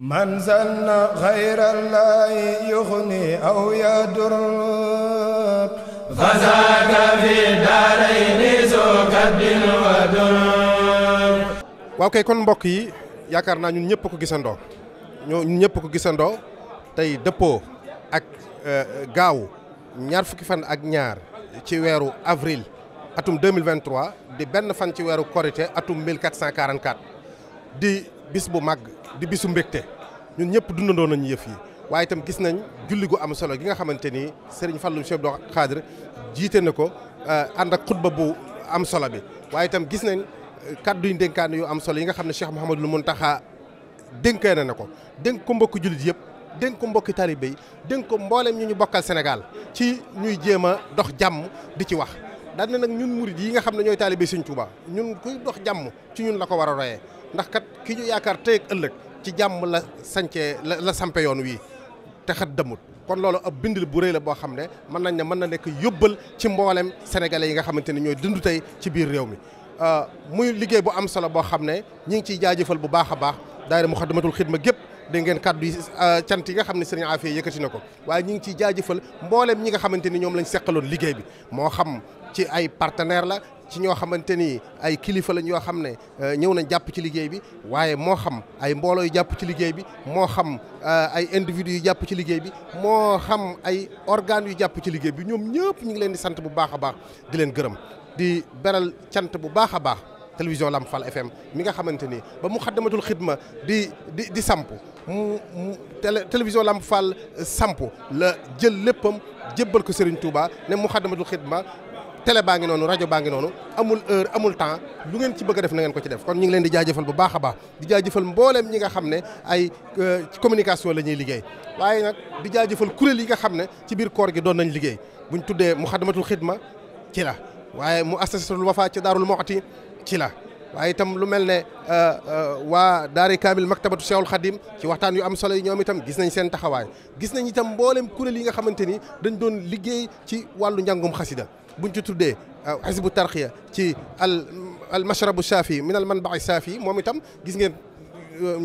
man zanna ghayra llahi yughni aw yadur fazaaka fi daarayni sukabin wa waaw kay kon mbokk yi yaakaar naa ñun ñëpp ko gisandoo ñoo ñun ñëpp ko gisandoo tey dëppoo ak euh, gaaw ñaar fukki fan ak ñaar ci weeru avril atum 2023 di benn fan ci weeru korité atum 1444 di bis bu màgg di bisu mbégte ñun ñëpp dundandoo nañu yëf yi waaye itam gis nañ julli gu am solo gi nga xamante ni Serigne Fallou Cheikh Abdou Khadre jiite na ko euh, ànd ak xutba bu am solo bi waaye itam gis nañ euh, kàddu yi dénkaan yu am solo yi nga xam ne Cheikh mun Mountakha dénkee na ko dénk ko mbokki jullit yëpp dénk ko mbokki taalibe yi dénk ko mboolem ñu ñu bokkal senegal ci ñuy jéem a dox jàmm di ci wax daan nag ñun murid yi nga xam ne ñooy taalibe Serigne Touba ñun kuy dox jàmm ci ñun la ko war a royee ndax kat ki ñu yaakaar tey ëllëg ci jàmm la sancee la la sampe yoon wii te xat dëmut kon loolu ab bindil bu rëy la boo xam ne mën nañ ne mën na nekk yóbbal ci mboolem sénégalais yi nga xamante ni ñooy dund tey ci biir réew mi euh, muy liggéey bu am solo boo xam ne ñi ngi ciy jaajëfal bu baax a baax daayira Muxaddamatul Xidma gépp dégg ngeen kàddu yi euh, cant yi nga xam ne sëriñ Afia yëkkati na ko waaye ñi ngi ciy jaajëfal mboolem ñi nga xamante ni ñoom lañ seqaloon liggéey bi moo xam ci ay partenaire la ci ñoo xamante ni ay kilifa lañ yoo xam ne euh, ñëw nañ jàpp ci liggéey bi waaye moo xam ay mbooloo yu jàpp ci liggéey bi moo xam euh, ay individus yu jàpp ci liggéey bi moo xam ay organes yu jàpp ci liggéey bi ñoom ñëpp ñu ngi leen di sant bu baax a baax di leen gërëm di beral cant bu baax a baax télévision Lamp Fall FM mi nga xamante ni ba mu xaddamatul xidma di di di samp mu mu télévision Lamp Fall euh, samp la jël léppam jébbal ko Serigne Touba ne mu xaddamatul xidma télé baa ngi noonu rajo baa ngi noonu amul heure amul temps lu ngeen ci bëgg def na ngeen ko ci def kon ñu ngi leen di jaajëfal bu baax a baax di jaajëfal mbooleem ñi nga xam ne ay euh, communication la ñuy liggéey waaye nag di jaajëfal kuréel yi nga xam ne ci biir koor gi doon nañ liggéey buñ tuddee muxadamatul xidma ci la waaye mu assasatul wafa ci daarul moo moxti ci la waaye itam lu mel ne euh, euh, waa daari kaamil maktabatu Cheikhul Khadim ci waxtaan yu am solo yi ñoom itam gis nañ seen taxawaay gis nañ itam mboolem kuréel yi nga xamante ni dañ doon liggéey ci wàllu njàngum bu buñ ci tuddee xisbu euh, tarxiya ci al al mashrabu saafi min al manbai saafi moom itam gis ngeen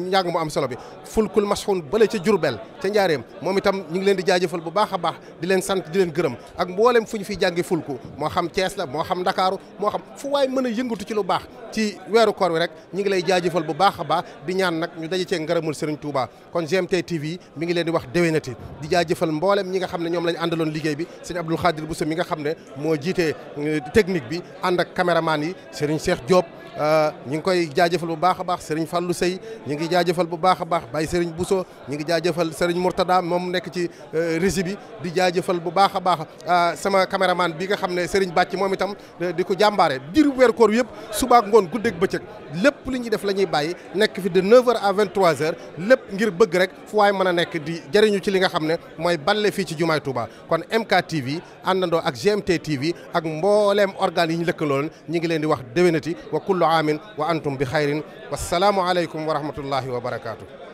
njàng mu am solo bi fulkul masxun bale ca jurbel ca njaareem moom itam ñu ngi leen di jaajëfal bu baax a baax di leen sant di leen gërëm ak mboolem fu ñu fiy jànge fulku moo xam Cees la moo xam ndakaaru moo xam fu mën a yëngatu ci lu baax ci weeru koor wi rek ñu ngi lay jaajëfal bu baax a baax di ñaan nag ñu daje cee ngërëmul Serigne Touba kon GMT TV mi ngi leen di wax déwénati di jaajëfal mboolem ñi nga xam ne ñoom lañ àndaloon liggéey bi Serigne Abdoul Khadir Bousso mi nga xam ne moo jiitee euh, technique bi ànd ak caméraman yi Serigne Cheikh Diop euh, ñu ngi koy jaajëfal bu baax a baax Serigne Fallou Sey ñu ngi jaajëfal bu baax a baax Baye Serigne Bousso ñu ngi jaajëfal Serigne Mourtada moom nekk ci euh, régie bi di jaajëfal bu baax a baax sama caméraman bi nga xam ne Serigne Bàcc moom itam di ko jàmbaare diir weeru koor yëpp suba woon guddeeg bëccëg lépp li ñu def la ñuy bàyyi nekk fi de 9h à 23h lépp ngir bëgg rek fu waay mën a nekk di jëriñu ci li nga xam ne mooy balle fii ci jumaay Touba kon MKTV àndandoo ak GMT TV ak mbooleem organes yi ñu lëkkaloon ñu ngi leen di wax déwénati wa kullu aamin wa antum bi xayrin wasalaamu aleykum wa rahmatullahi wa barakaatu.